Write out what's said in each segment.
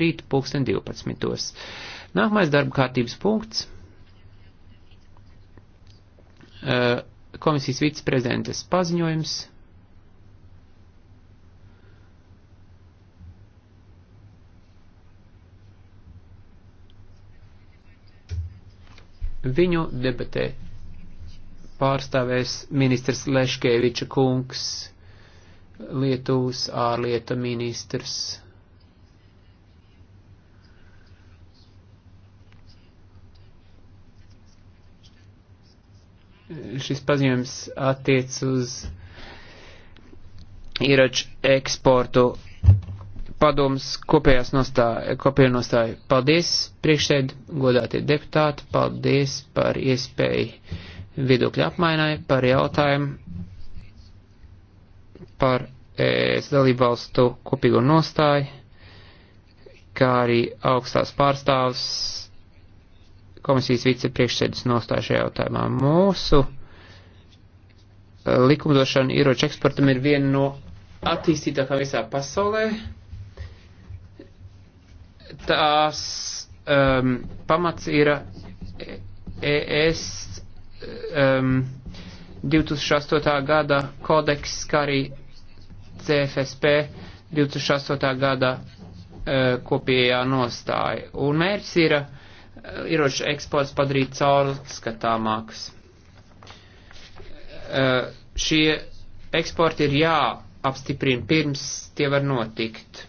rīt 2012. Nākamais darba kārtības punkts. Eh, komisijas viceprezidentes paziņojums. Viņu debatē pārstāvēs ministrs Leškeviča kungs, Lietuvas ārlieta ministrs. šis paziņojums attiec uz ieroču eksportu padomus kopējās nostāja, kopējā nostāja. Paldies, priekšsēd, godātie deputāti, paldies par iespēju viedokļu apmainai, par jautājumu, par e, es dalībvalstu kopīgo nostāju, kā arī augstās pārstāvs komisijas vicepriekšsēdus nostāju šajā jautājumā. Mūsu eh, likumdošana ieroču eksportam ir viena no attīstītākām visā pasaulē. Tās um, pamats ir ES um, 2008. gada kodeks, kā arī CFSP 2008. gada uh, kopējā nostāja. Un mērķis ir uh, Eh, ieroču eksports padarīt caurskatāmāks. Eh, šie eksporti ir jāapstiprina pirms tie var notikt.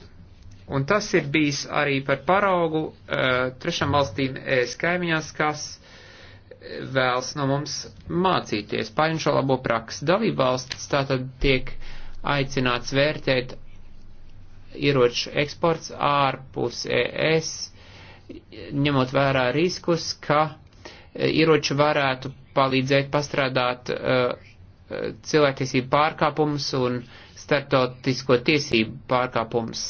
Un tas ir bijis arī par paraugu uh, trešām valstīm ES kaimiņās, kas vēlas no mums mācīties. Paņem šo labo praksi. Dalībvalsts tātad tiek aicināts vērtēt ieroču eksports ārpus ES ņemot vērā riskus, ka e, ieroči varētu palīdzēt pastrādāt e, e, cilvēktiesību pārkāpumus un starptautisko tiesību pārkāpumus,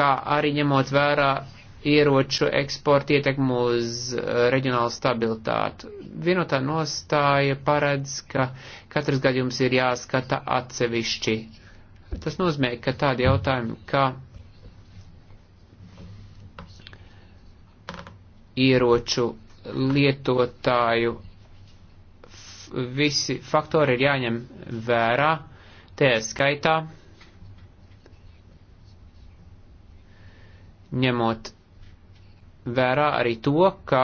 kā arī ņemot vērā ieroču eksporta ietekmu uz reģionālu stabilitātu. Vienotā nostāja paredz, ka katrs gadījums ir jāskata atsevišķi. Tas nozīmē, ka tādi jautājumi, kā ieroču lietotāju visi faktori ir jāņem vērā, tie skaitā, ņemot vērā arī to, ka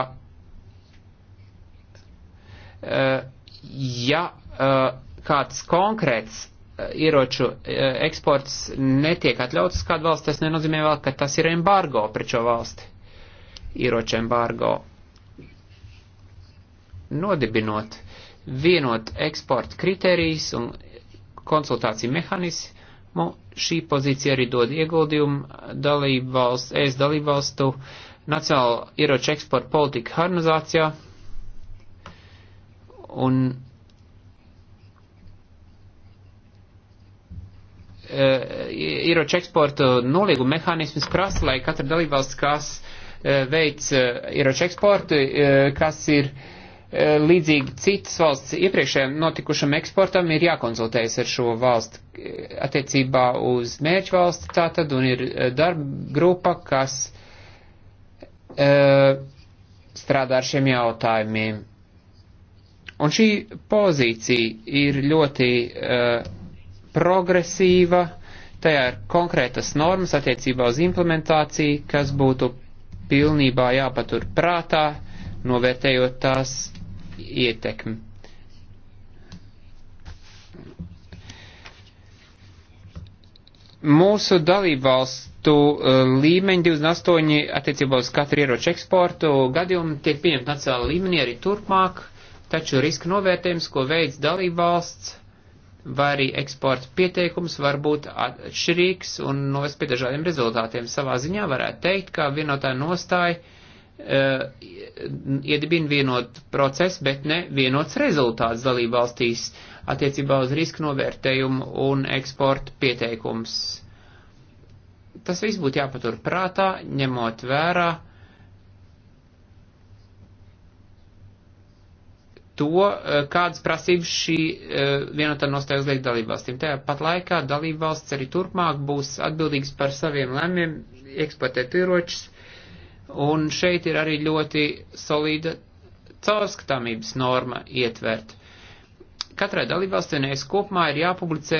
eh, ja eh, kāds konkrēts eh, ieroču eksports netiek atļauts uz kādu valsts, tas nenozīmē vēl, ka tas ir embargo pret šo valsti ieroču embargo, nodibinot vienot eksporta kritērijas un konsultāciju mehānismu, šī pozīcija arī dod ieguldījumu dalību valsts, es dalību valstu nacionālo ieroču eksporta politiku harmonizācijā un e, ieroču eksporta nolīguma mehānisms prasa, lai katra dalībvalsts, kas uh, Eh, veids eh, ieroču eksportu, eh, kas ir līdzīgi citas valsts iepriekšējiem notikušam eksportam, ir jākonsultējas ar šo valstu attiecībā uz mērķu valsti tātad, un ir darba grupa, kas strādā ar šiem jautājumiem. Un šī pozīcija ir ļoti uh, progresīva, tajā ir konkrētas normas attiecībā uz implementāciju, kas būtu pilnībā jāpatur prātā, novērtējot tās ietekmi. Mūsu dalībvalstu uh, līmeņi 28 attiecībā uz katru ieroču eksportu gadījumu tiek pieņemt nacionāla līmenī arī turpmāk, taču riska novērtējums, ko veids dalībvalsts, vai arī eksporta pieteikums var būt atšķirīgs un novest pie dažādiem rezultātiem. Savā ziņā varētu teikt, ka vienotā nostāja uh, iedibina vienotu procesu, bet ne vienots rezultāts dalību valstīs attiecībā uz riska novērtējumu un eksporta pieteikums. Tas viss būtu jāpatur prātā, ņemot vērā uh, to, eh, kādas prasības šī eh, vienotā nostāja uzliek dalībvalstīm. Tāpat laikā dalībvalsts arī turpmāk būs atbildīgs par saviem lēmiem eksportēt ieročus, un šeit ir arī ļoti solīda caurskatāmības norma ietverta katrai dalībvalstī un es kopumā ir jāpublicē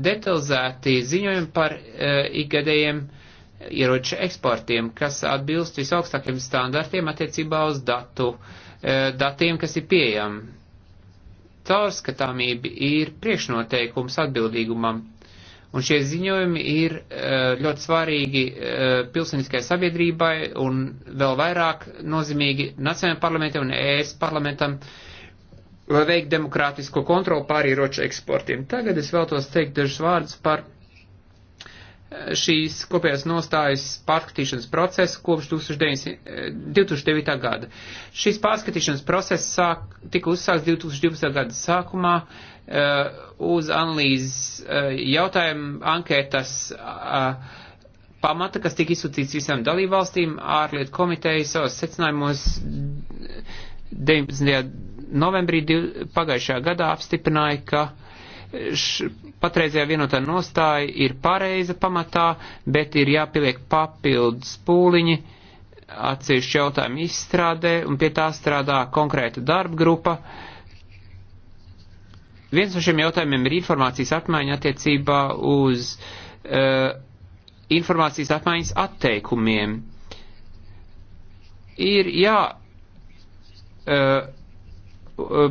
detalizēti ziņojumi par uh, ikgadējiem ieroču eksportiem, kas atbilst visaugstākiem standartiem attiecībā uz datu E, datiem, kas ir pieejami. Caurskatāmība ir priekšnoteikums atbildīgumam, un šie ziņojumi ir e, ļoti svarīgi e, pilsoniskai sabiedrībai un vēl vairāk nozīmīgi Nacionālajiem parlamentiem un ES parlamentam, lai veiktu demokrātisko kontroli pār ieroču eksportiem. Tagad es vēlos teikt dažus vārdus par šīs kopējās nostājas pārskatīšanas procesu kopš 2009. Eh, gada. Šīs pārskatīšanas process sāk, tika uzsāks 2012. gada sākumā uh, uz analīzes uh, jautājumu anketas uh, pamata, kas tika izsūtīts visām dalībvalstīm, ārlietu komiteja savos secinājumos 19. novembrī pagājušajā gadā apstiprināja, ka uh, patreizajā vienotā nostāja ir pareiza pamatā, bet ir jāpieliek papildus pūliņi atsevišķu jautājumu izstrādē, un pie tā strādā konkrēta darba grupa. Viens no šiem jautājumiem ir informācijas apmaiņa attiecībā uz uh, informācijas apmaiņas atteikumiem. Ir jā. Uh, uh,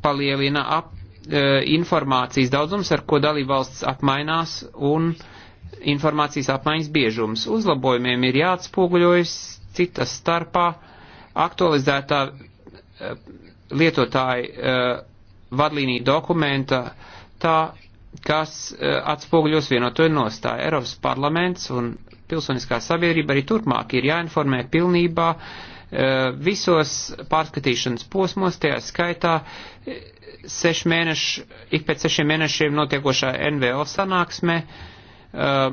palielina ap, Eh, informācijas daudzums, ar ko dalībvalsts apmainās un informācijas apmaiņas biežums. Uzlabojumiem ir jāatspoguļojas citas starpā aktualizētā eh, lietotāja eh, vadlīnija dokumenta tā, kas atspoguļos vienoto nostāju. Eiropas parlaments un pilsoniskā sabiedrība arī turpmāk ir jāinformē pilnībā visos pārskatīšanas posmos, tajā skaitā sešu mēnešu, ik pēc sešiem mēnešiem notiekošā NVO sanāksmē uh,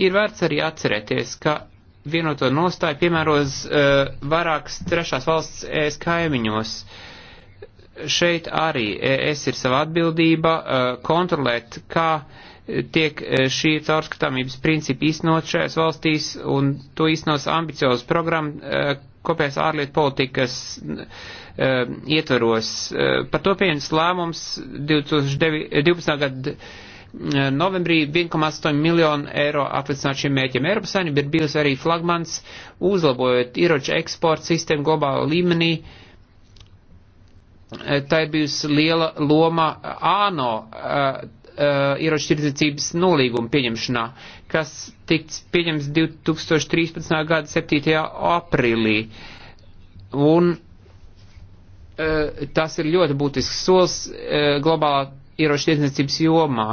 ir vērts arī atcerēties, ka vienoto nostāju piemēros uh, vairākas trešās valsts ES kaimiņos. Šeit arī ES ir sava atbildība uh, kontrolēt, kā tiek uh, šī caurskatāmības principi īstenot šajās valstīs, un to īstenos ambiciozu programmu, uh, kopējās ārlietu politikas uh, um, ietveros. Uh, par to pieņems lēmums 2012. gada uh, novembrī 1,8 miljonu eiro atlicināt šiem mēķiem. Eiropas saimnība ir bijusi arī flagmans, uzlabojot ieroču eksporta sistēmu globālā līmenī. Uh, tā ir bijusi liela loma ANO uh, Uh, ieroču tirdzniecības nolīguma pieņemšanā, kas tiks pieņems 2013. gada 7. aprīlī. Un uh, tas ir ļoti būtisks solis uh, globālā ieroču tirdzniecības jomā.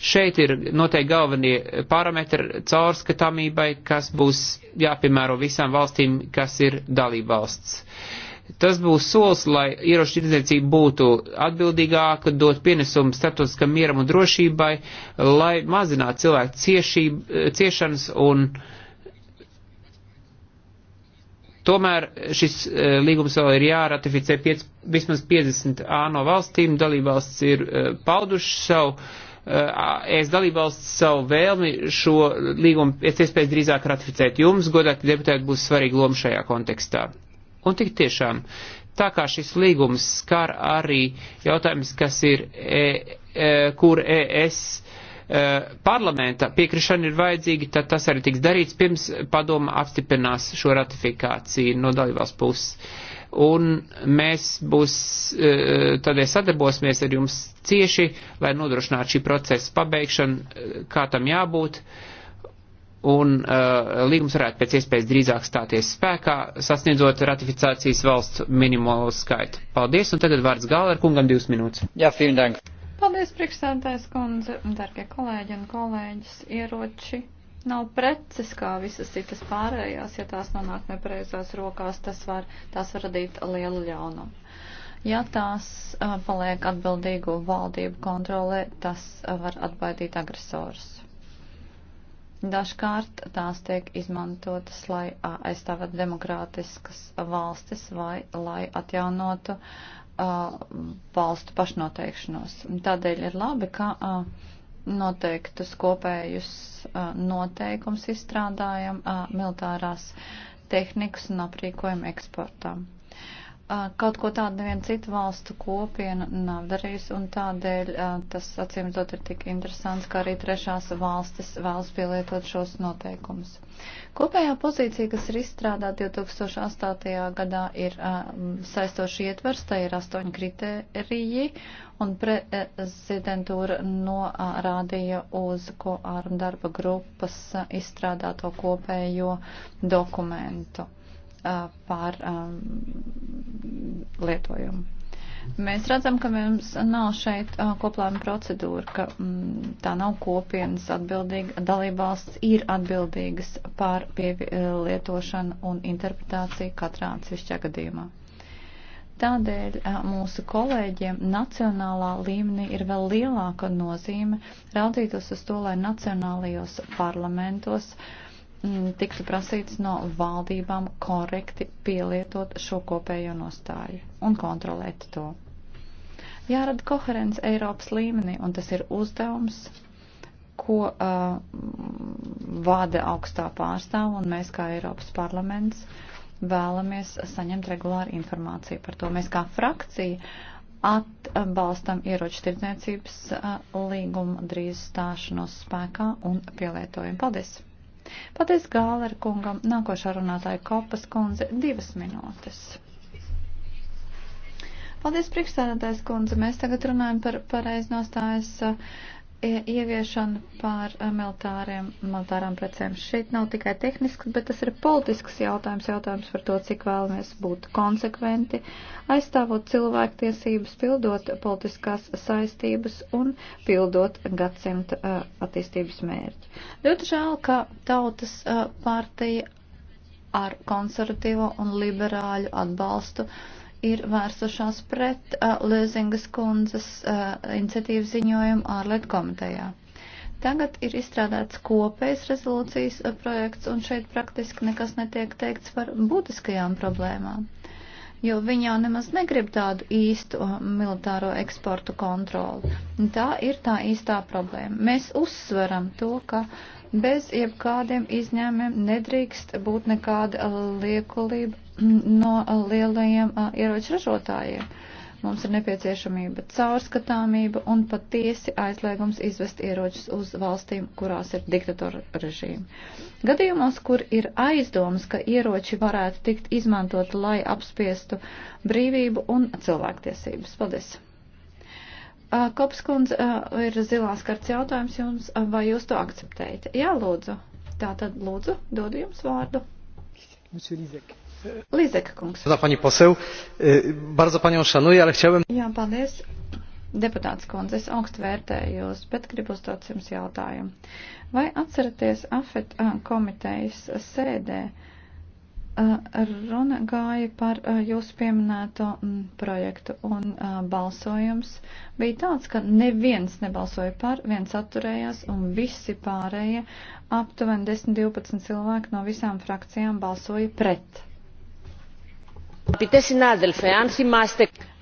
Šeit ir noteikti galvenie parametri caurskatāmībai, kas būs jāpiemēro visām valstīm, kas ir dalībvalsts. Uh, Tas būs solis, lai ieroču tirdzniecība būtu atbildīgāka, dot pienesumu starptautiskam mieram un drošībai, lai mazinātu cilvēku ciešību, ciešanas un. Tomēr šis e, līgums vēl ir jāratificē piec, vismaz 50 ANO valstīm. Dalībvalsts ir e, pauduši savu, e, es dalībvalsts savu vēlmi šo līgumu pēc iespējas drīzāk ratificēt jums, godāti deputāti, būs svarīga loma šajā kontekstā. Un tik tiešām, tā kā šis līgums skar arī jautājums, kas ir, e, e, kur ES e, parlamenta piekrišana ir vajadzīga, tad tas arī tiks darīts pirms padoma apstiprinās šo ratifikāciju no dalībās puses. Un mēs būs, e, tādēļ sadarbosimies ar jums cieši, lai nodrošinātu šī procesa pabeigšanu, e, kā tam jābūt. E, un uh, līgums varētu pēc iespējas drīzāk stāties spēkā, sasniedzot ratificācijas valsts minimālo skaitu. Paldies, un tagad vārds gala ar kungam divas minūtes. Jā, vielen dank. Paldies, priekšsēdētājs kundze, darbie kolēģi un kolēģis, ieroči. Nav preces kā visas citas pārējās, ja tās nonāk nepareizās rokās, tas var, tās var radīt lielu ļaunumu. Ja tās uh, paliek atbildīgu valdību kontrolē, tas uh, var atbaidīt agresorus. Dažkārt tās tiek izmantotas, lai aizstāvētu demokrātiskas valstis vai lai atjaunotu uh, valstu pašnoteikšanos. Tādēļ ir labi, ka uh, noteiktus kopējus uh, noteikums izstrādājam uh, militārās tehnikas un aprīkojuma eksportām. Kaut ko tādu neviena cita valstu kopiena nav darījusi, un tādēļ tas acīmredzot ir tik interesants, ka arī trešās valstis vēlas pielietot šos noteikumus. Kopējā pozīcija, kas ir izstrādāta 2008. gadā, ir saistoši ietvers, tai ir astoņi kritēriji, un prezidentūra norādīja uz ko ārm darba grupas izstrādāto kopējo dokumentu pār lietojumu. Mēs redzam, ka mums nav šeit koplēma procedūra, ka m, mm, tā nav kopienas atbildīga. Dalībvalsts ir atbildīgas pār pielietošanu un interpretāciju katrā atsevišķā gadījumā. Tādēļ mūsu kolēģiem nacionālā līmenī ir vēl lielāka nozīme raudzītos uz to, lai nacionālajos parlamentos uh, Mm, tiktu prasīts no valdībām korekti pielietot šo kopējo nostāju un kontrolēt to. Jārada koherence Eiropas līmenī, un tas ir uzdevums, ko uh, vada augstā pārstāva, un mēs kā Eiropas parlaments vēlamies saņemt regulāru informāciju par to. Mēs kā frakcija atbalstam ieroču tirdzniecības uh, līgumu drīz stāšanos spēkā un pielietojumu. Paldies! Paldies Gāler kungam. Nākošā runātāja Kopas kundze divas minūtes. Paldies, priekšstādātājs kundze. Mēs tagad runājam par pareiznostājas. Uh, ieviešanu pār eh, militāriem, militārām precēm. Šeit nav tikai tehnisks, bet tas ir politisks jautājums, jautājums par to, cik vēlamies būt konsekventi, aizstāvot cilvēktiesības, pildot politiskās saistības un pildot gadsimta uh, eh, attīstības mērķi. Ļoti žēl, ka tautas uh, partija ar konservatīvo un liberāļu atbalstu uh, ir vērsušās pret uh, Lēzingas kundzes uh, iniciatīvu ziņojumu ārlietu komitejā. Tagad ir izstrādāts kopējs rezolūcijas projekts, un šeit praktiski nekas netiek teikts par būtiskajām problēmām, jo viņi jau nemaz negrib tādu īstu militāro eksportu kontroli. Tā ir tā īstā problēma. Mēs uzsveram to, ka uh, Bez jebkādiem izņēmumiem nedrīkst būt nekāda liekulība no lielajiem ieroču ražotājiem. Mums ir nepieciešamība caurskatāmība un patiesi aizliegums izvest ieročus uz valstīm, kurās ir diktatora režīmi. Gadījumos, kur ir aizdoms, ka ieroči varētu tikt izmantot, lai apspiestu brīvību un cilvēktiesības. Paldies! Uh, Kopskundze, uh, ir zilās karts jautājums jums, uh, vai jūs to akceptējat? Jā, lūdzu. Tā tad lūdzu, dodu jums vārdu. Līzeka kungs. Jā, paņi posev. Bardzo paņi šanuju, ale chciałem. Jā, paldies. Deputāts kundze, es augstu vērtēju jūs, bet gribu uzdot jums jautājumu. Vai atceraties AFET komitejas sēdē? Uh, Eh, runa gāja par eh, jūsu pieminēto mm, projektu, un eh, balsojums bija tāds, ka neviens nebalsoja par, viens atturējās, un visi pārējie, aptuveni 10-12 cilvēki no visām frakcijām balsoja pret.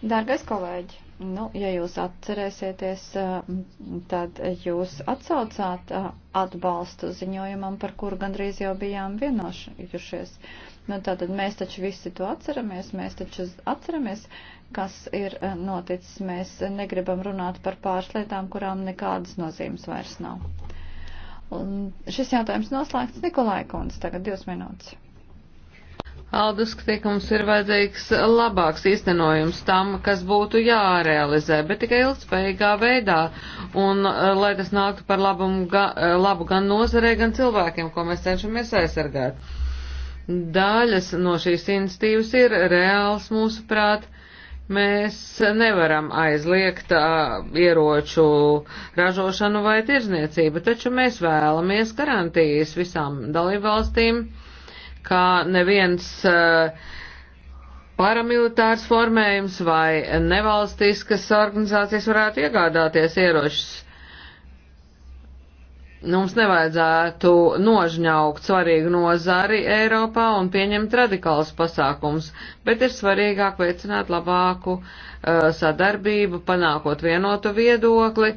Dārgais kolēģi, nu, ja jūs atcerēsieties, tad jūs atsaucāt atbalstu ziņojumam, par kuru gandrīz jau bijām vienojušies. Nu, tātad mēs taču visi to atceramies, mēs taču atceramies, kas ir eh, noticis. Mēs negribam runāt par pārslietām, kurām nekādas nozīmes vairs nav. Un šis jautājums noslēgts Nikolai Kunds, tagad divas minūtes. Aldus, ka mums ir vajadzīgs labāks īstenojums tam, kas būtu jārealizē, bet tikai ilgspējīgā veidā, un eh, lai tas nāktu par labumu, ga, eh, labu gan nozarei, gan cilvēkiem, ko mēs cenšamies aizsargāt. Daļas no šīs institīvas ir reāls mūsuprāt. Mēs nevaram aizliegt uh, ieroču ražošanu vai tirzniecību, taču mēs vēlamies garantijas visām dalībvalstīm, ka neviens uh, paramilitārs formējums vai nevalstiskas organizācijas varētu iegādāties ieročus. Mums nevajadzētu nožņaukt svarīgu nozari Eiropā un pieņemt radikālus pasākums, bet ir svarīgāk veicināt labāku uh, sadarbību, panākot vienotu viedokli,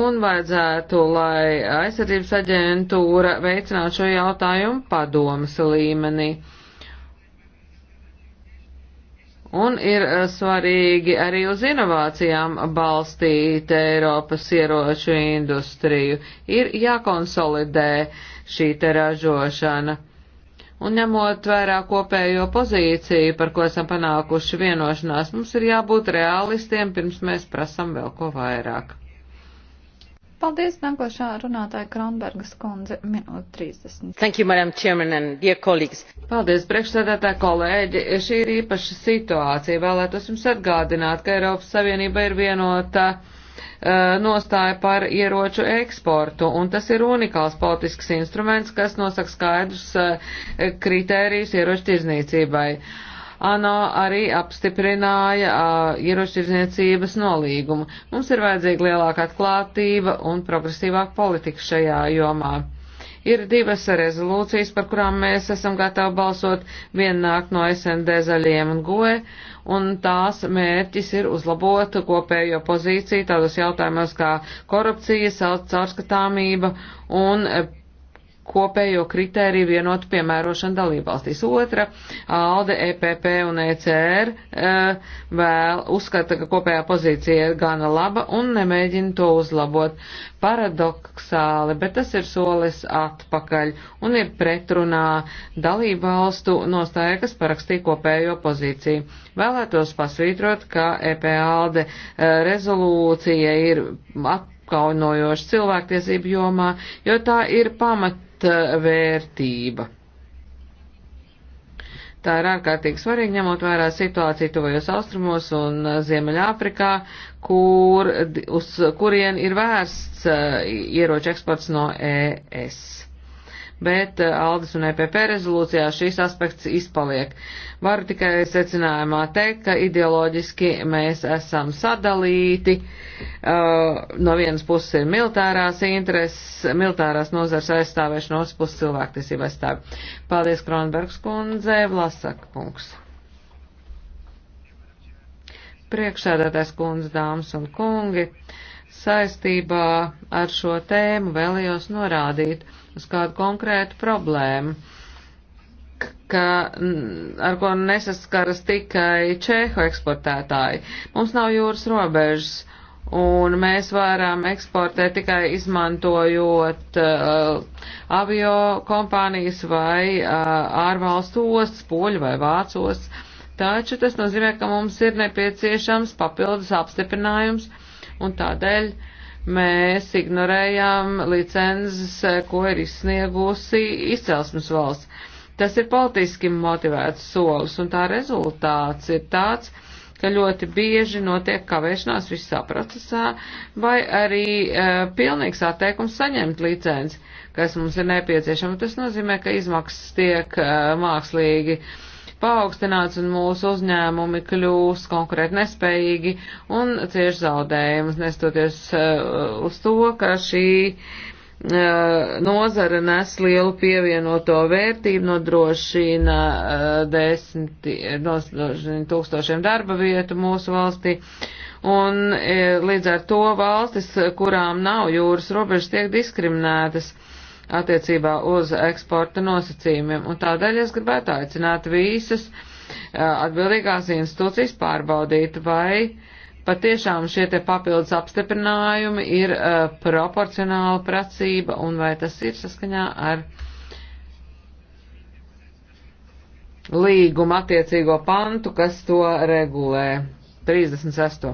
un vajadzētu, lai aizsardzības aģentūra veicinātu šo jautājumu padomas līmenī. Uh, Un ir eh, svarīgi arī uz inovācijām balstīt Eiropas ieroču industriju. Ir jākonsolidē šī te ražošana. Un ņemot vērā kopējo pozīciju, par ko esam panākuši vienošanās, mums ir jābūt realistiem, pirms mēs prasam vēl ko vairāk. Paldies, nākošā runātāja Kronbergas kundze, minūte 30. Thank you, Madam Chairman and dear colleagues. Paldies, priekšsēdētā kolēģi. Šī ir īpaša situācija. Vēlētos jums atgādināt, ka Eiropas Savienība ir vienota eh, nostāja par ieroču eksportu, un tas ir unikāls politisks instruments, kas nosaka skaidrus eh, kritērijus ieroču tirzniecībai. Uh, ANO arī apstiprināja uh, ierošķirzniecības nolīgumu. Mums ir vajadzīga lielāka atklātība un progresīvāka politika šajā jomā. Ir divas rezolūcijas, par kurām mēs esam gatavi balsot, viena nāk no SND zaļiem un goe, un tās mērķis ir uzlabot kopējo pozīciju tādos jautājumos kā korupcija, caurskatāmība un kopējo kritēriju vienotu piemērošanu dalībvalstīs. Otra, ALDE, EPP un ECR e, vēl uzskata, ka kopējā pozīcija ir gana laba un nemēģina to uzlabot. Paradoksāli, bet tas ir solis atpakaļ un ir pretrunā dalībvalstu nostāja, kas parakstīja kopējo pozīciju. Vēlētos pasvītrot, ka EPALDE e, rezolūcija ir atpakaļ apkaunojoši cilvēktiesību jomā, jo tā ir pamat Eh, vērtība. Tā ir ārkārtīgi svarīgi, ņemot vērā situāciju tuvajos austrumos un eh, Ziemeļāfrikā, kur, uz kurien ir vērsts eh, ieroču eksports no ES bet eh, Aldas un EPP rezolūcijā šīs aspekts izpaliek. Varu tikai secinājumā teikt, ka ideoloģiski mēs esam sadalīti. Eh, no vienas puses ir militārās intereses, militārās nozars aizstāvēšana, no otras puses cilvēktiesība aizstāvi. Paldies, Kronbergs kundze, Vlasak kungs. Priekšsēdētājs kundze, dāmas un kungi, saistībā ar šo tēmu vēlējos norādīt, uz kādu konkrētu problēmu, ka, ar ko nesaskaras tikai čehu eksportētāji. Mums nav jūras robežas, un mēs varam eksportēt tikai izmantojot uh, avio kompānijas vai uh, ārvalstu ostas, poļu vai vācos. Taču tas nozīmē, ka mums ir nepieciešams papildus apstiprinājums, un tādēļ uh, mēs ignorējām licences, ko ir izsniegusi izcelsmes valsts. Tas ir politiski motivēts solis, un tā rezultāts ir tāds, ka ļoti bieži notiek kavēšanās visā procesā, vai arī e, pilnīgs atteikums saņemt licenci, kas mums ir nepieciešama. Tas nozīmē, ka izmaksas tiek e, mākslīgi e, paaugstināts un mūsu uzņēmumi kļūs konkurēt nespējīgi un cieši zaudējumus, nestoties uh, uz to, ka šī uh, nozara nes lielu pievienoto vērtību, nodrošina uh, desmit, nodrošina tūkstošiem darba vietu mūsu valstī. Un uh, līdz ar to valstis, kurām nav jūras robežas, tiek diskriminētas. Uh, attiecībā uz eksporta nosacījumiem. Un tādēļ es gribētu aicināt visas atbildīgās institūcijas pārbaudīt, vai patiešām šie te papildus apstiprinājumi ir proporcionāla pracība un vai tas ir saskaņā ar līguma attiecīgo pantu, kas to regulē. 36.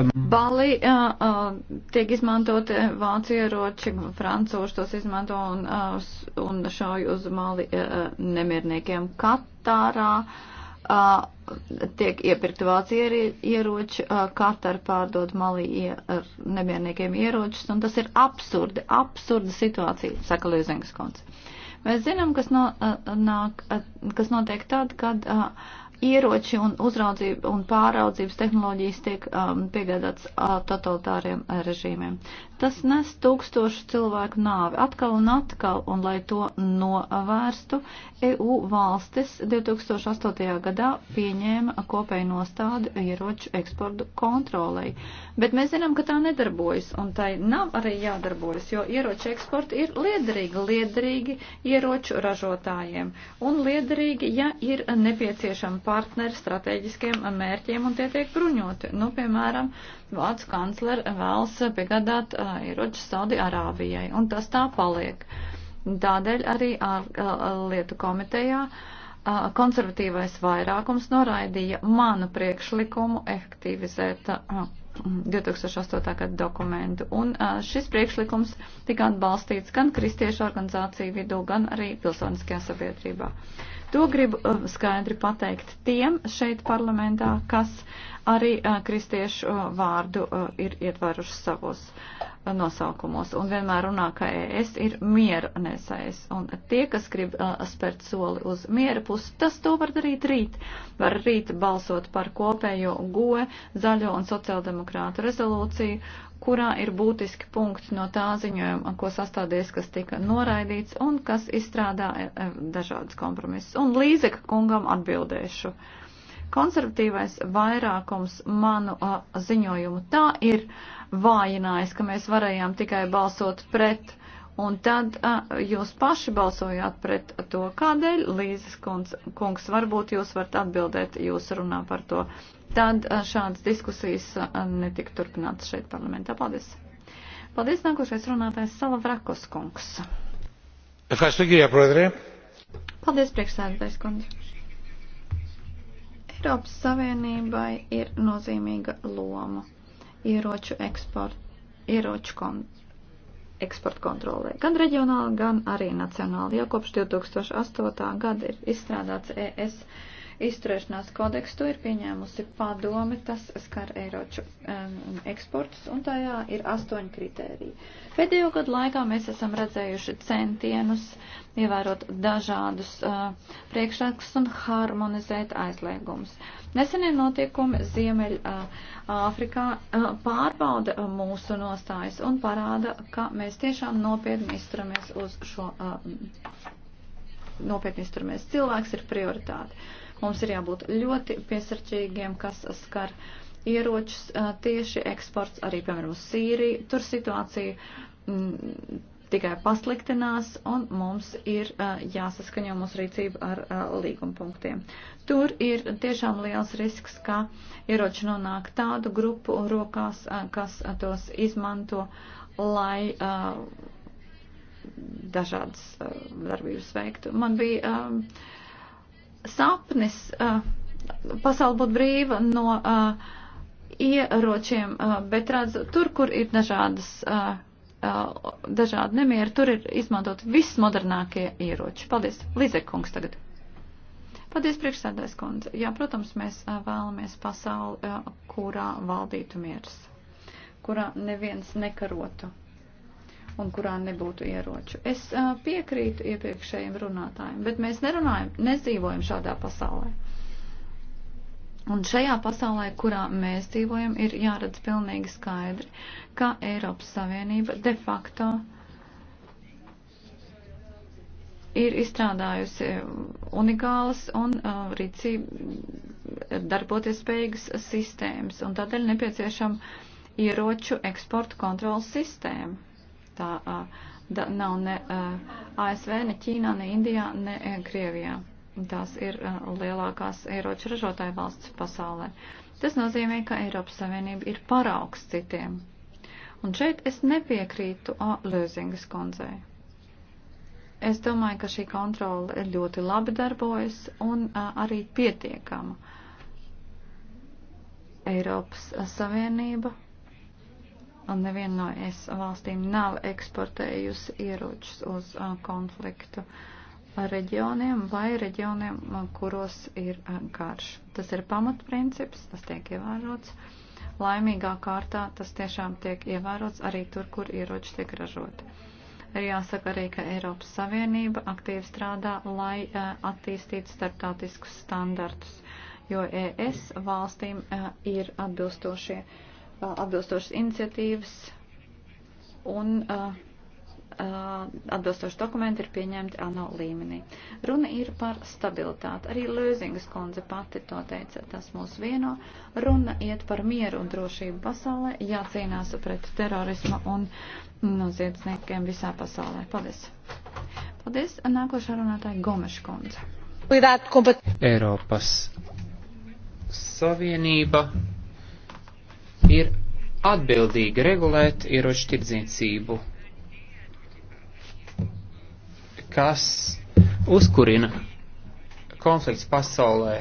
Um, Bali uh, uh, tiek izmantot uh, vācu ieroči, francūši tos izmanto un, uh, un šauj uz Mali uh, uh nemierniekiem. Katārā uh, tiek iepirkti vācu ieroči, uh, Katāra pārdod Mali ier, uh, nemierniekiem ieročus, un tas ir absurdi, absurda situācija, saka Lūzengas konts. Mēs zinām, kas, no, uh, nāk, uh, kas notiek tad, kad. Uh, ieroči un uzraudzība un pāraudzības tehnoloģijas tiek um, piegādāts uh, totalitāriem uh, režīmiem. Tas nes tūkstošu cilvēku nāvi atkal un atkal, un lai to novērstu, EU valstis 2008. gadā pieņēma kopēju nostādi ieroču eksportu kontrolei. Bet mēs zinām, ka tā nedarbojas, un tai nav arī jādarbojas, jo ieroču eksporti ir liederīgi, liederīgi ieroču ražotājiem, un liederīgi, ja ir nepieciešama partneri strateģiskiem mērķiem, un tie tiek bruņoti. Nu, piemēram, Vācu kanclere vēlas piegādāt uh, ieročus Saudi-Arābijai, un tas tā paliek. Tādēļ arī ar, uh, lietu komitejā uh, konservatīvais vairākums noraidīja manu priekšlikumu efektivizēt uh, 2008. gada dokumentu. Un uh, šis priekšlikums tika atbalstīts gan kristiešu organizāciju vidū, gan arī pilsoniskajā sabiedrībā. To gribu uh, skaidri pateikt tiem šeit parlamentā, kas arī uh, kristiešu uh, vārdu ir ietvaruši savos nosaukumos un vienmēr runā, ka ES ir miera nesējs. Un tie, kas grib spērt soli uz miera pusi, tas to var darīt rīt. Var rīt balsot par kopējo goe, zaļo un sociāldemokrātu rezolūciju kurā ir būtiski punkti no tā ziņojuma, ko sastādies, kas tika noraidīts un kas izstrādā e, e, dažādas kompromises. Un Līzeka kungam atbildēšu. Konservatīvais vairākums manu a, ziņojumu tā ir vājinājis, ka mēs varējām tikai balsot pret Un tad uh, jūs paši balsojāt pret to, kādēļ, Līzes kungs, kungs, varbūt jūs varat atbildēt jūsu runā par to. Tad uh, šādas diskusijas uh, netika turpinātas šeit parlamentā. Paldies. Paldies, nākošais runātājs Salavrakos kungs. Paldies, priekšsēdētājs kundze. Eiropas Savienībai ir nozīmīga loma ieroču eksporta, ieroču kontrola eksporta kontrolē. Gan reģionāli, gan arī nacionāli. Jau kopš 2008. gada ir izstrādāts ES izturēšanās kodekstu ir pieņēmusi padome, tas skar eiroču um, eksportus, un tajā ir astoņi kritēriji. Pēdējo gadu laikā mēs esam redzējuši centienus ievērot dažādus uh, priekšrakstus un harmonizēt aizliegumus. Nesenie notiekumi Ziemeļ uh, Āfrikā uh, pārbauda mūsu nostājas un parāda, ka mēs tiešām nopietni izturamies uz šo. Uh, nopietni izturamies. Cilvēks ir prioritāte. Mums ir jābūt ļoti piesarķīgiem, kas skar ieročus, tieši eksports arī, piemēram, uz Sīriju. Tur situācija m, mm, tikai pasliktinās, un mums ir jāsaskaņo mūsu rīcība ar līguma punktiem. Tur ir tiešām liels risks, ka ieroči nonāk tādu grupu rokās, kas tos izmanto, lai dažādas darbības veiktu. Man bija sapnis uh, pasauli būtu brīva no uh, ieročiem, uh, bet redz, tur, kur ir dažādas, uh, uh, dažādi nemieri, tur ir izmantot vismodernākie ieroči. Paldies. Līdzek kungs tagad. Paldies, priekšsēdājs kundze. Jā, protams, mēs uh, vēlamies pasauli, uh, kurā valdītu miers, kurā neviens nekarotu un kurā nebūtu ieroču. Es uh, piekrītu iepriekšējiem runātājiem, bet mēs nerunājam, nedzīvojam šādā pasaulē. Un šajā pasaulē, kurā mēs dzīvojam, ir jāredz pilnīgi skaidri, ka Eiropas Savienība de facto ir izstrādājusi unikālas un uh, rīcība darboties spējīgas sistēmas, un tādēļ nepieciešama ieroču eksporta kontrolas sistēma tā da, nav ne ASV, ne Ķīnā, ne Indijā, ne Krievijā. Tās ir lielākās ieroču ražotāju valsts pasaulē. Tas nozīmē, ka Eiropas Savienība ir paraugs citiem. Un šeit es nepiekrītu Lēzingas kundzei. Es domāju, ka šī kontrola ļoti labi darbojas un a, arī pietiekama. Eiropas Savienība un neviena no es valstīm nav eksportējusi ieročus uz konfliktu reģioniem vai reģioniem, kuros ir karš. Tas ir pamatprincips, tas tiek ievērots. Laimīgā kārtā tas tiešām tiek ievērots arī tur, kur ieroči tiek ražoti. Ir jāsaka arī, ka Eiropas Savienība aktīvi strādā, lai attīstītu starptautiskus standartus, jo ES valstīm ir atbilstošie uh, atbilstošas iniciatīvas un uh, uh, atbilstoši dokumenti ir pieņemti ANO līmenī. Runa ir par stabilitāti. Arī Lēzingas kundze pati to teica, tas mūs vieno. Runa iet par mieru un drošību pasaulē, jācīnās pret terorismu un noziedzniekiem visā pasaulē. Paldies! Paldies! Nākošā runātāja Gomeša kundze. Eiropas Savienība ir atbildīgi regulēt ieroču tirdzniecību, kas uzkurina konflikts pasaulē,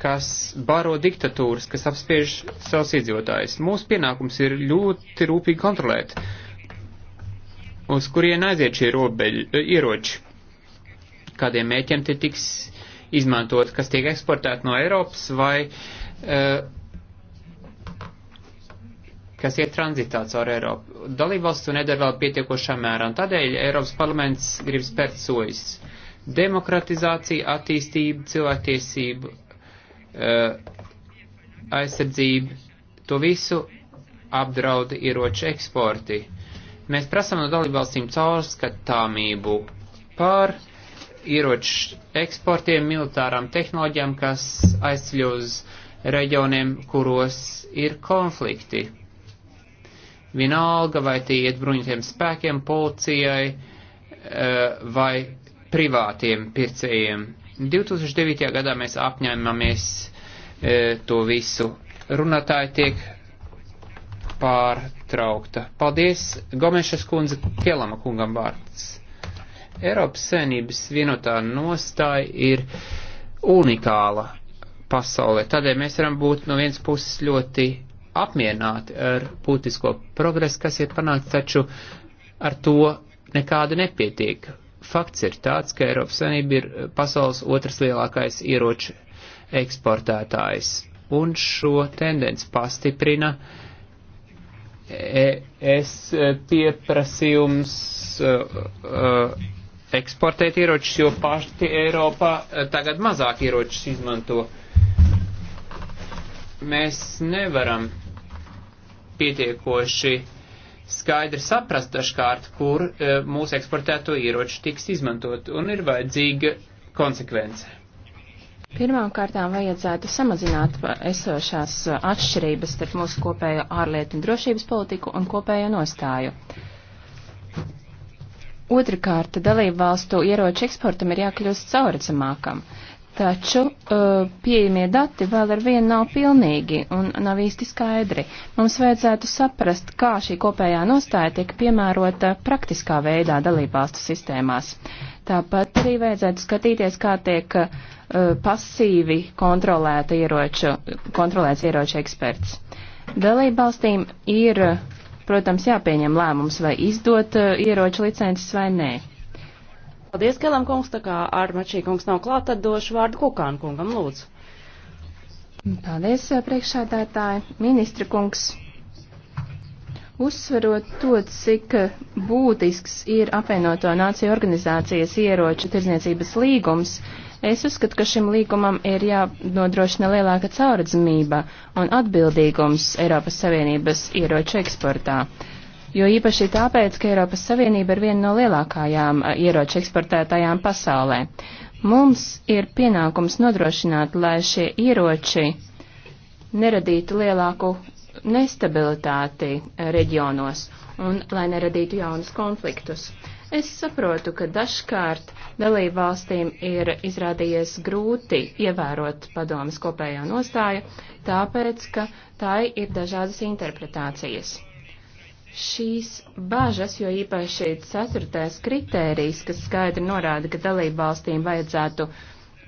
kas baro diktatūras, kas apspiež savus iedzīvotājus. Mūsu pienākums ir ļoti rūpīgi kontrolēt, uz kurien aiziet šie robeļi, eh, ieroči, kādiem mēķiem tie tiks izmantot, kas tiek eksportēti no Eiropas vai uh, kas iet tranzitā caur Eiropu. Dalībvalsts to nedara vēl pietiekošā mērā, un tādēļ Eiropas parlaments grib spērt sojas. Demokratizācija, attīstība, cilvēktiesība, eh, aizsardzība, to visu apdrauda ieroču eksporti. Mēs prasām no dalībvalstīm caurskatāmību par ieroču eksportiem, militārām tehnoloģijām, kas aizceļ uz reģioniem, kuros ir konflikti Vienalga, vai tie iet bruņotiem spēkiem, policijai eh, vai privātiem pircējiem. 2009. gadā mēs apņēmamies eh, to visu. Runātāji tiek pārtraukta. Paldies, Gomešas kundze, Kelama kungam vārds. Eiropas sēnības vienotā nostāja ir unikāla pasaulē. Tādēļ mēs varam būt no vienas puses ļoti apmierināti ar būtisko progresu, kas ir panākts, taču ar to nekādu nepietiek. Fakts ir tāds, ka Eiropas Savienība ir pasaules otrs lielākais ieroču eksportētājs, un šo tendenci pastiprina es pieprasījums uh, uh, eksportēt ieročus, jo paši Eiropā uh, tagad mazāk ieročus izmanto mēs nevaram pietiekoši skaidri saprast dažkārt, kur e, mūsu eksportēto ieroču tiks izmantot, un ir vajadzīga konsekvence. Pirmām kārtām vajadzētu samazināt esošās e, atšķirības starp mūsu kopējo ārlietu un drošības politiku un kopējo nostāju. Otrakārt, dalību valstu ieroču eksportam ir jākļūst caurredzamākam. Taču uh, pieejamie dati vēl ar vienu nav pilnīgi un nav īsti skaidri. Mums vajadzētu saprast, kā šī kopējā nostāja tiek piemērota praktiskā veidā dalībvalstu sistēmās. Tāpat arī vajadzētu skatīties, kā tiek uh, pasīvi kontrolēta ieroču, kontrolēts ieroču eksperts. Dalībvalstīm ir, protams, jāpieņem lēmums, vai izdot uh, ieroču licences vai nē. Paldies, Kelam kungs, tā kā ar mačī kungs nav klāt, tad došu vārdu Kukānu kungam, lūdzu. Paldies, eh, priekšādātāji, ministra kungs. Uzsverot to, cik eh, būtisks ir apvienoto nāciju organizācijas ieroču tirdzniecības līgums, es uzskatu, ka šim līgumam ir jānodrošina lielāka caurredzamība un atbildīgums Eiropas Savienības ieroču eksportā jo īpaši tāpēc, ka Eiropas Savienība ir viena no lielākajām ieroču eksportētājām pasaulē. Mums ir pienākums nodrošināt, lai šie ieroči neradītu lielāku nestabilitāti reģionos un lai neradītu jaunus konfliktus. Es saprotu, ka dažkārt dalību valstīm ir izrādījies grūti ievērot padomas kopējo nostāju, tāpēc, ka tai ir dažādas interpretācijas šīs bāžas, jo īpaši ceturtais kritērijs, kas skaidri norāda, ka dalībvalstīm vajadzētu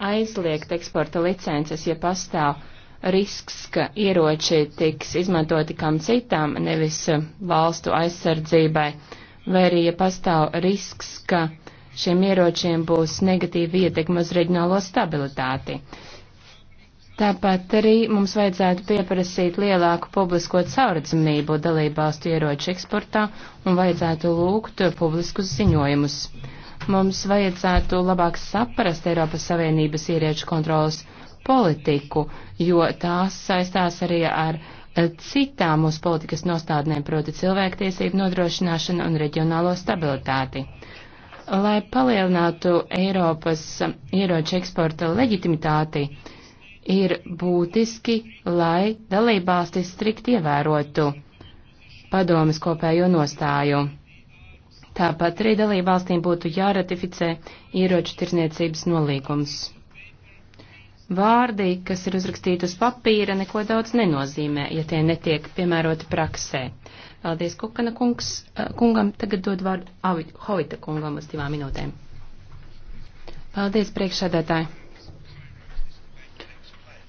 aizliegt eksporta licences, ja pastāv risks, ka ieroči tiks izmantoti kam citam, nevis valstu aizsardzībai, vai arī, ja pastāv risks, ka šiem ieročiem būs negatīva ietekma uz reģionālo stabilitāti. Tāpat arī mums vajadzētu pieprasīt lielāku publisko caurdzamību dalībvalstu ieroču eksportā un vajadzētu lūgt publiskus ziņojumus. Mums vajadzētu labāk saprast Eiropas Savienības ieroču kontrolas politiku, jo tās saistās arī ar eh, citām mūsu politikas nostādnēm, proti cilvēktiesību nodrošināšanu un reģionālo stabilitāti. Lai palielinātu Eiropas ieroču eksporta leģitimitāti, ir būtiski, lai dalībvalstis strikt ievērotu padomas kopējo nostāju. Tāpat arī dalībvalstīm būtu jāratificē ieroču tirzniecības nolīgums. Vārdi, kas ir uzrakstīti uz papīra, neko daudz nenozīmē, ja tie netiek piemēroti praksē. Paldies Kukana kungs, eh, kungam, tagad dod vārdu Hovita kungam uz divām minūtēm. Paldies priekšsēdētāji!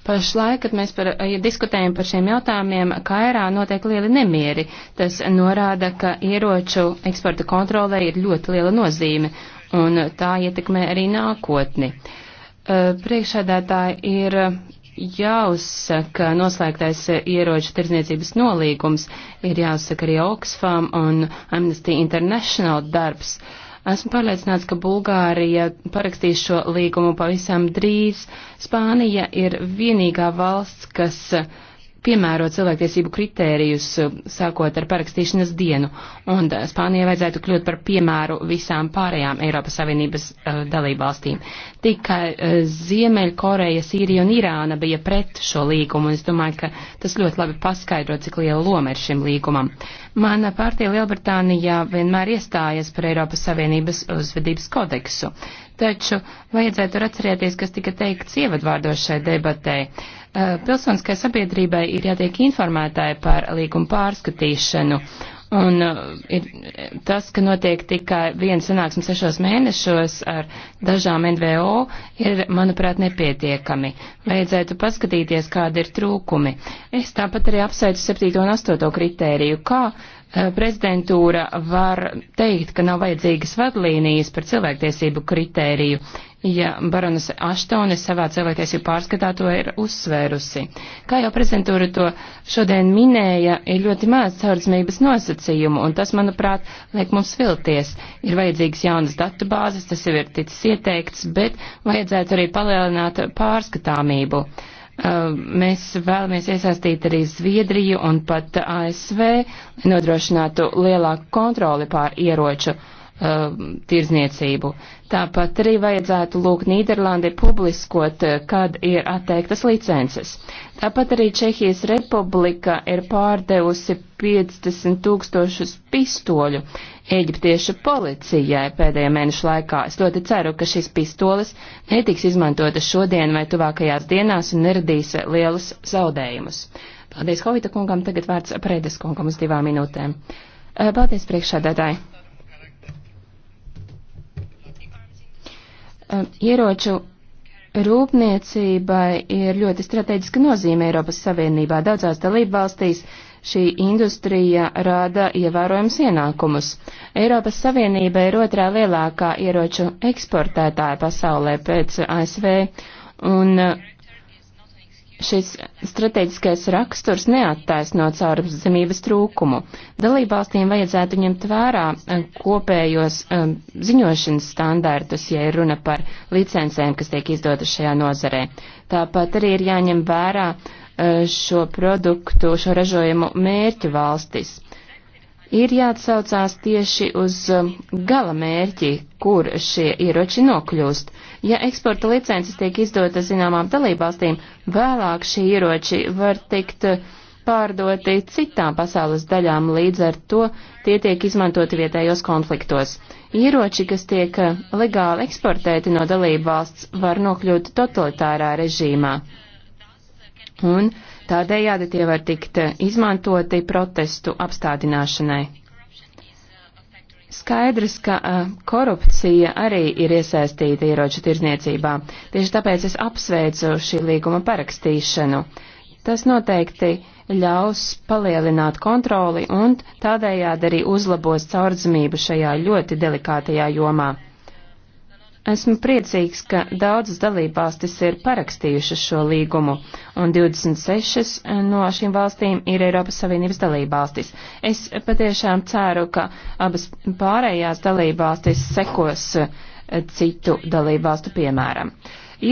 Pašlaik, kad mēs par, ja diskutējam par šiem jautājumiem, Kairā notiek lieli nemieri. Tas norāda, ka ieroču eksporta kontrolē ir ļoti liela nozīme, un tā ietekmē arī nākotni. Eh, Priekšādātāji ir jāuzsaka noslēgtais ieroču tirdzniecības nolīgums, ir jāuzsaka arī Oxfam un Amnesty International darbs. Uh, Esmu pārliecināts, ka Bulgārija parakstīs šo līgumu pavisam drīz. Spānija ir vienīgā valsts, kas uh, piemēro cilvēktiesību kritērijus, eh, sākot ar parakstīšanas dienu, un eh, Spānijai vajadzētu kļūt par piemēru visām pārējām Eiropas Savienības uh, dalībvalstīm. Tikai uh, Ziemeļkoreja, Sīrija un Irāna bija pret šo līgumu, un es domāju, ka tas ļoti labi paskaidro, cik liela loma ir šim līgumam. Mana partija Lielbritānijā vienmēr iestājas par Eiropas Savienības uzvedības kodeksu, taču vajadzētu atcerēties, kas tika teikts ievadvārdos šai debatē. Uh, Eh, pilsoniskai sabiedrībai ir jātiek informētāji par līgumu pārskatīšanu. Un eh, ir eh, tas, ka notiek tikai viena sanāksme sešos mēnešos ar dažām NVO, ir, manuprāt, nepietiekami. Vajadzētu paskatīties, kāda ir trūkumi. Es tāpat arī apsveicu 7. un 8. kritēriju, kā prezidentūra var teikt, ka nav vajadzīgas vadlīnijas par cilvēktiesību kritēriju ja baronas Aštone savā cilvēktiesību pārskatā to ir uzsvērusi. Kā jau prezidentūra to šodien minēja, ir ļoti maz caurdzmības nosacījumu, un tas, manuprāt, liek mums vilties. Ir vajadzīgas jaunas datu bāzes, tas jau ir ticis ieteikts, bet vajadzētu arī palielināt pārskatāmību. Mēs vēlamies iesaistīt arī Zviedriju un pat ASV, lai nodrošinātu lielāku kontroli pār ieroču Um, tirzniecību. Tāpat arī vajadzētu lūgt Nīderlandi publiskot, uh, kad ir atteiktas licences. Tāpat arī Čehijas republika ir pārdevusi 50 tūkstošus pistoļu eģiptiešu policijai pēdējā mēneša laikā. Es ļoti ceru, ka šīs pistoles netiks izmantotas šodien vai tuvākajās dienās un neradīs lielus zaudējumus. Paldies Hovita kungam, tagad vārds Prēdes kungam uz divām minūtēm. Uh, paldies priekšādātāji! ieroču rūpniecībai ir ļoti strateģiska nozīme Eiropas Savienībā. Daudzās dalībvalstīs šī industrija rāda ievērojams ienākumus. Eiropas Savienība ir otrā lielākā ieroču eksportētāja pasaulē pēc ASV, un Šis strateģiskais raksturs neattaisno caurapzemības trūkumu. Dalībvalstīm vajadzētu ņemt vērā eh, kopējos um, ziņošanas standārtus, ja ir runa par licencēm, kas tiek izdotas šajā nozarē. Tāpat arī ir jāņem vērā uh, šo produktu, šo ražojumu mērķu valstis ir jāatsaucās tieši uz um, gala mērķi, kur šie ieroči nokļūst. Ja eksporta licences tiek izdota zināmām dalībvalstīm, vēlāk šie ieroči var tikt uh, pārdoti citām pasaules daļām, līdz ar to tie tiek izmantoti vietējos konfliktos. Ieroči, kas tiek uh, legāli eksportēti no dalībvalsts, var nokļūt totalitārā režīmā. Un uh, Tādējādi tie var tikt eh, izmantoti protestu apstādināšanai. Skaidrs, ka eh, korupcija arī ir iesaistīta ieroču tirzniecībā. Tieši tāpēc es apsveicu šī līguma parakstīšanu. Tas noteikti ļaus palielināt kontroli un tādējādi arī uzlabos caurdzamību šajā ļoti delikātajā jomā. Esmu priecīgs, ka daudzas dalībvalstis ir parakstījušas šo līgumu, un 26 eh, no šīm valstīm ir Eiropas Savienības dalībvalstis. Es patiešām ceru, ka abas pārējās dalībvalstis sekos eh, citu dalībvalstu piemēram.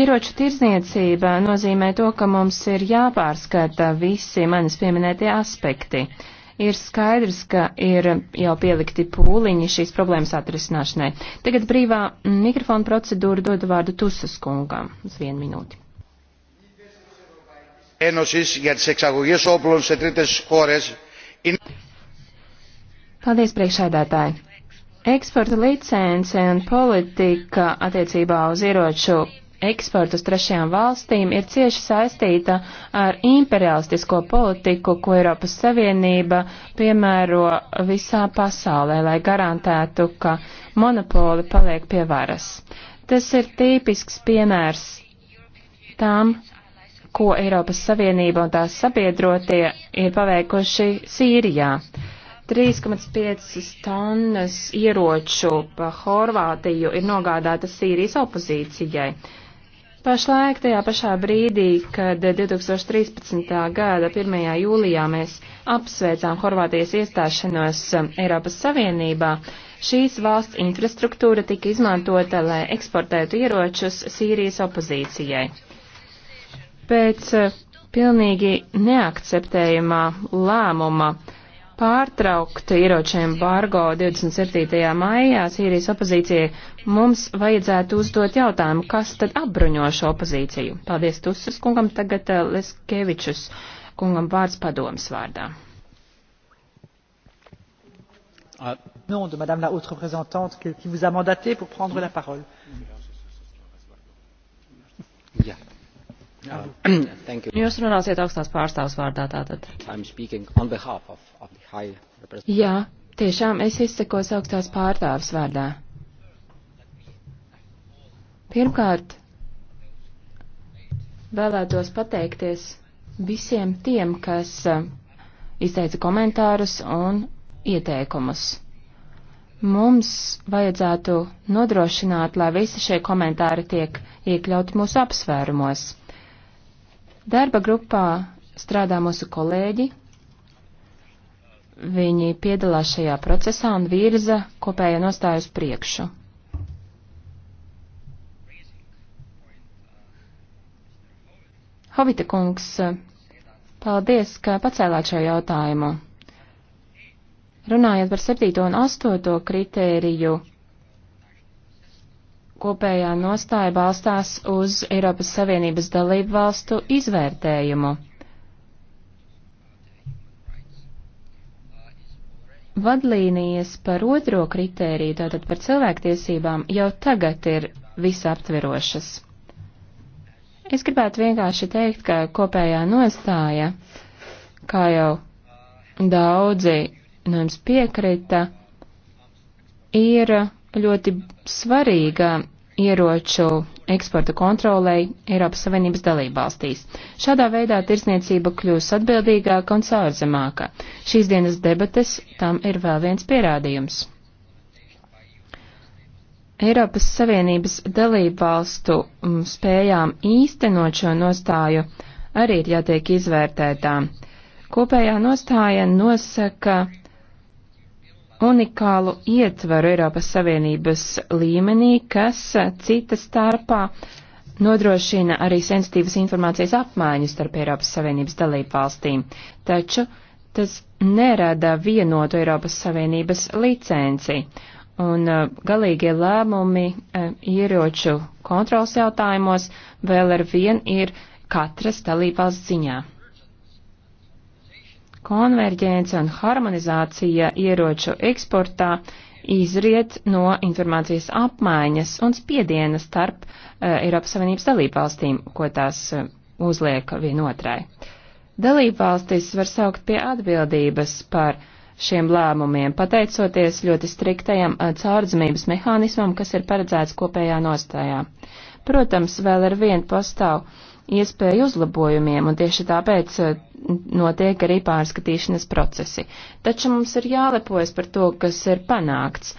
Ieroču tirzniecība nozīmē to, ka mums ir jāpārskata visi manis pieminētie aspekti. Uh, Ir skaidrs, ka ir jau pielikti pūliņi šīs problēmas atrisināšanai. Tagad brīvā mikrofona procedūra dod vārdu Tusas kungam uz vienu minūti. Paldies, priekšādātāji! Eksporta licence un politika attiecībā uz ieroču eksportu uz trešajām valstīm ir cieši saistīta ar imperialistisko politiku, ko Eiropas Savienība piemēro visā pasaulē, lai garantētu, ka monopoli paliek pie varas. Tas ir tīpisks piemērs tām, ko Eiropas Savienība un tās sabiedrotie ir paveikuši Sīrijā. 3,5 tonnas ieroču pa Horvātiju ir nogādāta Sīrijas opozīcijai. Pašlaik tajā pašā brīdī, kad 2013. gada 1. jūlijā mēs apsveicām Horvātijas iestāšanos Eiropas Savienībā, šīs valsts infrastruktūra tika izmantota, lai eksportētu ieročus Sīrijas opozīcijai. Pēc pilnīgi neakceptējumā lēmuma pārtraukt ieroču embargo 27. maijā Sīrijas opozīcijai, mums vajadzētu uzdot jautājumu, kas tad apbruņo šo opozīciju. Paldies Tusas kungam, tagad eh, Leskevičus kungam vārds padomas vārdā. Ah, nom de Madame la haute représentante qui vous a mandaté pour prendre la parole. Yeah. Uh, Jūs runāsiet augstās pārstāvs vārdā tātad. Of, of Jā, tiešām es izsekos augstās pārstāvs vārdā. Pirmkārt, vēlētos pateikties visiem tiem, kas eh, izteica komentārus un ieteikumus. Mums vajadzētu nodrošināt, lai visi šie komentāri tiek iekļauti mūsu apsvērumos. Darba grupā strādā mūsu kolēģi. Viņi piedalās šajā procesā un virza kopējo nostāju uz priekšu. Hovita kungs, paldies, ka pacēlāt šo jautājumu. Runājot par 7. un 8. kritēriju, kopējā nostāja balstās uz Eiropas Savienības dalību valstu izvērtējumu. Vadlīnijas par otro kritēriju, tātad par cilvēktiesībām, jau tagad ir visaptverošas. Es gribētu vienkārši teikt, ka kopējā nostāja, kā jau daudzi no jums piekrita, ir ļoti svarīga ieroču eksporta kontrolei Eiropas Savienības dalībvalstīs. Šādā veidā tirsniecība kļūs atbildīgāka un sārzemāka. Šīs dienas debates tam ir vēl viens pierādījums. Eiropas Savienības dalībvalstu mm, spējām īstenot šo nostāju arī ir jātiek izvērtētām. Kopējā nostāja nosaka unikālu ietvaru Eiropas Savienības līmenī, kas cita starpā nodrošina arī sensitīvas informācijas apmaiņu starp Eiropas Savienības dalībvalstīm, taču tas nerada vienotu Eiropas Savienības licenci, un uh, galīgie lēmumi uh, ieroču kontrols jautājumos vēl ar vien ir katras dalībvalsts ziņā. Konverģence un harmonizācija ieroču eksportā izriet no informācijas apmaiņas un spiediena starp uh, Eiropas Savienības dalībvalstīm, ko tās uh, uzliek vienotrai. Dalībvalstis var saukt pie atbildības par šiem lēmumiem, pateicoties ļoti striktajam uh, caurdzamības mehānismam, kas ir paredzēts kopējā nostājā. Protams, vēl ar vienu pastāv iespēju uzlabojumiem, un tieši tāpēc uh, notiek arī pārskatīšanas procesi. Taču mums ir jālepojas par to, kas ir panākts,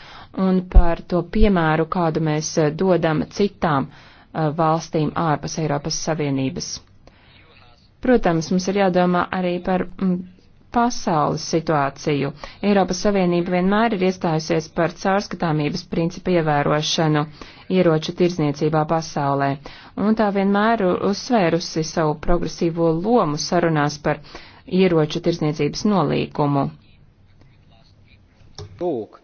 un par to piemēru, kādu mēs eh, dodam citām eh, valstīm ārpus Eiropas Savienības. Protams, mums ir jādomā arī par mm, pasaules situāciju. Eiropas Savienība vienmēr ir iestājusies par caurskatāmības principu ievērošanu ieroču tirzniecībā pasaulē, un tā vienmēr uzsvērusi savu progresīvo lomu sarunās par ieroču tirzniecības nolīkumu. Lūk,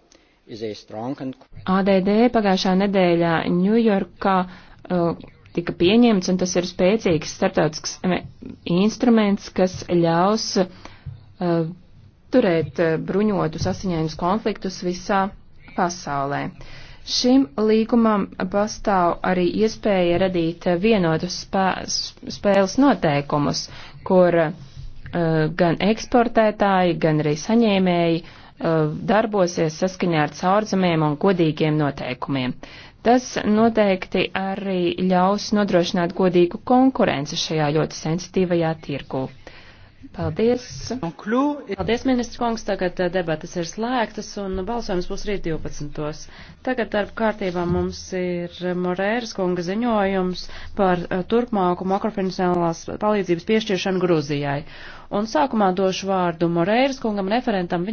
and... ADD pagājušā nedēļā Ņujorkā uh, tika pieņemts, un tas ir spēcīgs startautisks instruments, kas ļaus uh, Uh, turēt uh, bruņotus asiņainus konfliktus visā pasaulē. Šim līgumam pastāv arī iespēja radīt uh, vienotus spē spēles noteikumus, kur uh, gan eksportētāji, gan arī saņēmēji uh, darbosies saskaņā ar caurzemiem un godīgiem noteikumiem. Tas noteikti arī ļaus nodrošināt godīgu konkurenci šajā ļoti sensitīvajā tirgū. Paldies. Paldies, ministrs kungs. Tagad eh, debatas ir slēgtas un balsojums būs rīt 12. Tagad darba kārtībā mums ir eh, Morēras kunga ziņojums par eh, turpmāku makrofinansiālās palīdzības piešķiršanu Gruzijai. Un sākumā došu vārdu Morēras kungam referentam. Viņam